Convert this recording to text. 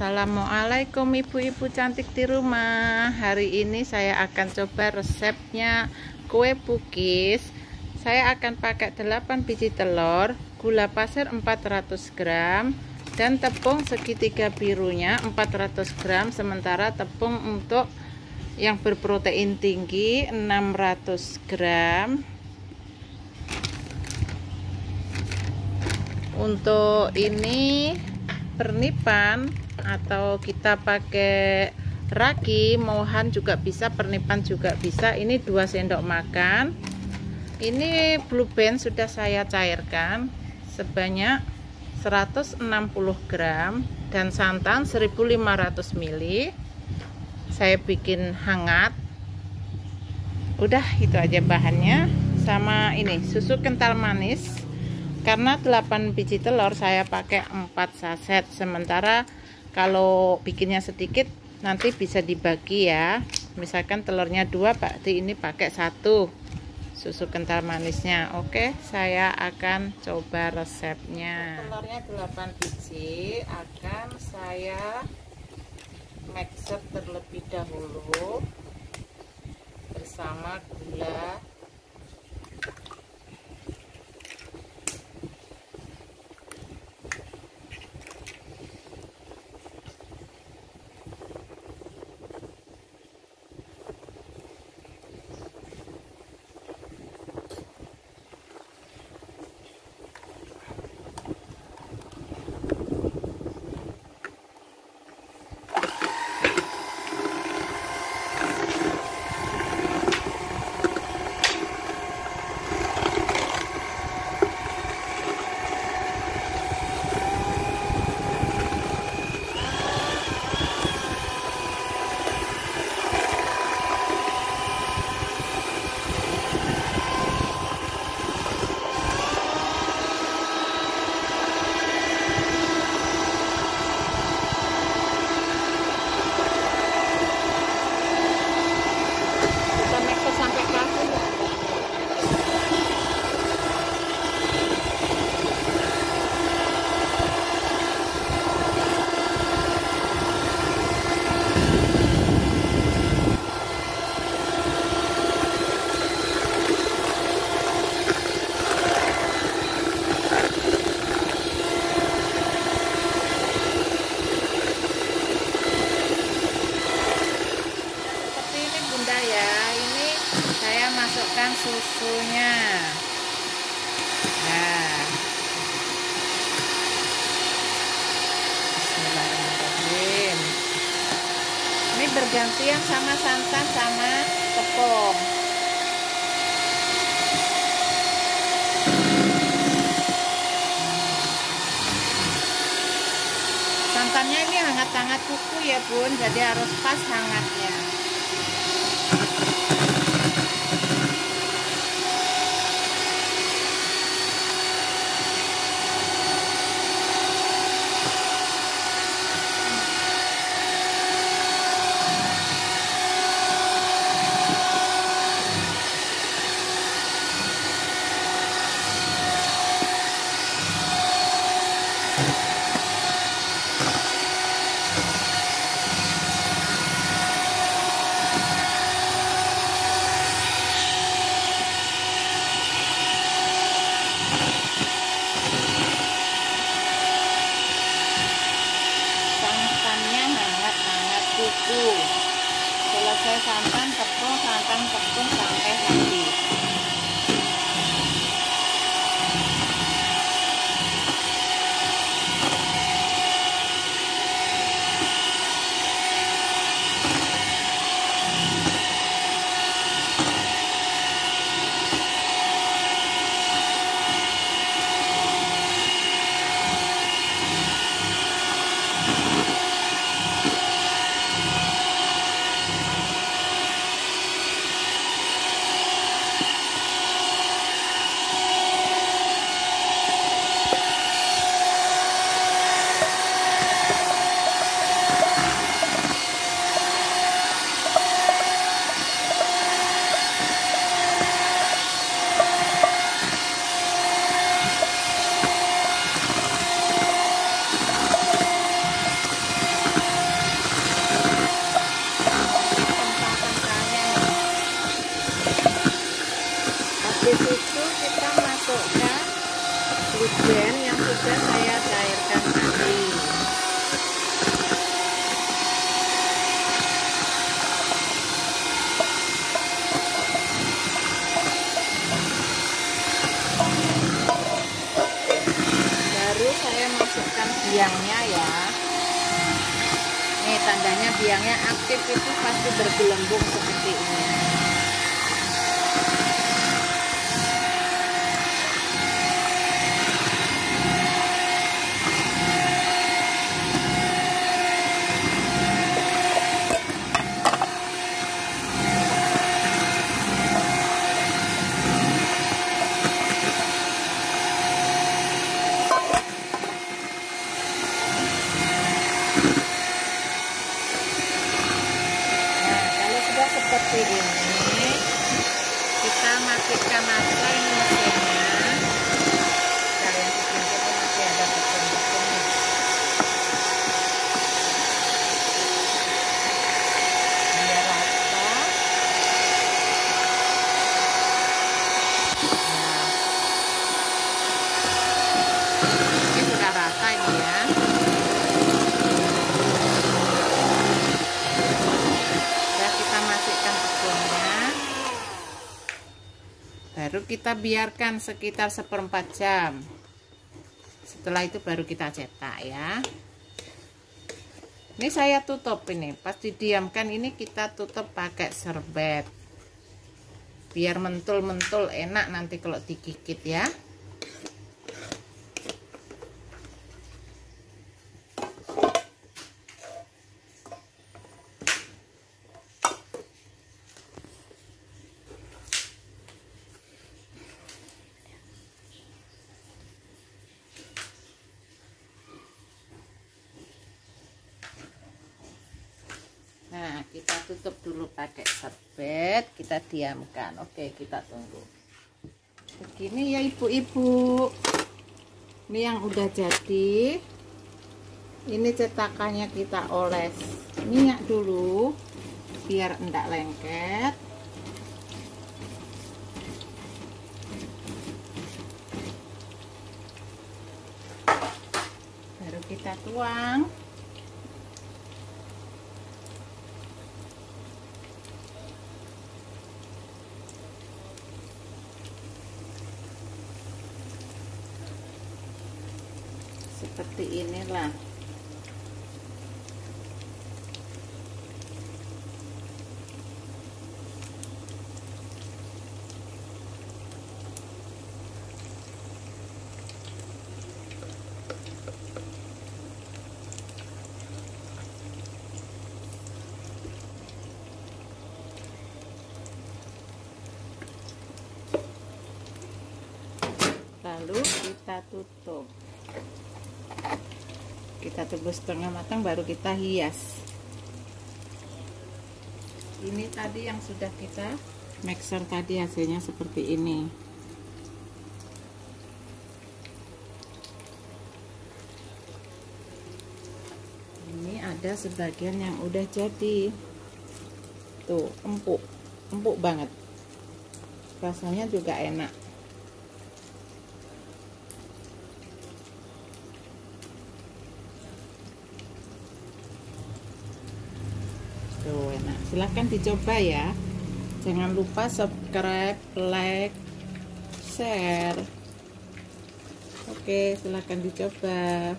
Assalamualaikum ibu-ibu cantik di rumah Hari ini saya akan coba resepnya kue pukis Saya akan pakai 8 biji telur Gula pasir 400 gram Dan tepung segitiga birunya 400 gram Sementara tepung untuk yang berprotein tinggi 600 gram Untuk ini pernipan atau kita pakai raki mohan juga bisa pernipan juga bisa ini 2 sendok makan ini blue band sudah saya cairkan sebanyak 160 gram dan santan 1500 ml saya bikin hangat udah itu aja bahannya sama ini susu kental manis karena 8 biji telur saya pakai 4 saset sementara kalau bikinnya sedikit nanti bisa dibagi ya misalkan telurnya dua berarti ini pakai satu susu kental manisnya oke saya akan coba resepnya telurnya 8 biji akan saya mixer terlebih dahulu bersama gula ganti yang sama santan sama tepung santannya ini hangat-hangat kuku ya bun jadi harus pas hangatnya pakai santan tepung santan tepung sampai habis biangnya aktif itu pasti bergelembung seperti ini seperti ini kita matikan aja ini mesinnya baru kita biarkan sekitar seperempat jam setelah itu baru kita cetak ya ini saya tutup ini pas didiamkan ini kita tutup pakai serbet biar mentul-mentul enak nanti kalau digigit ya Nah, kita tutup dulu pakai serbet, kita diamkan. Oke, kita tunggu. Begini ya ibu-ibu. Ini yang udah jadi. Ini cetakannya kita oles minyak dulu biar enggak lengket. Baru kita tuang. seperti inilah lalu kita tutup kita tebus setengah matang baru kita hias ini tadi yang sudah kita mixer tadi hasilnya seperti ini ini ada sebagian yang udah jadi tuh empuk empuk banget rasanya juga enak silahkan dicoba ya jangan lupa subscribe like share oke silahkan dicoba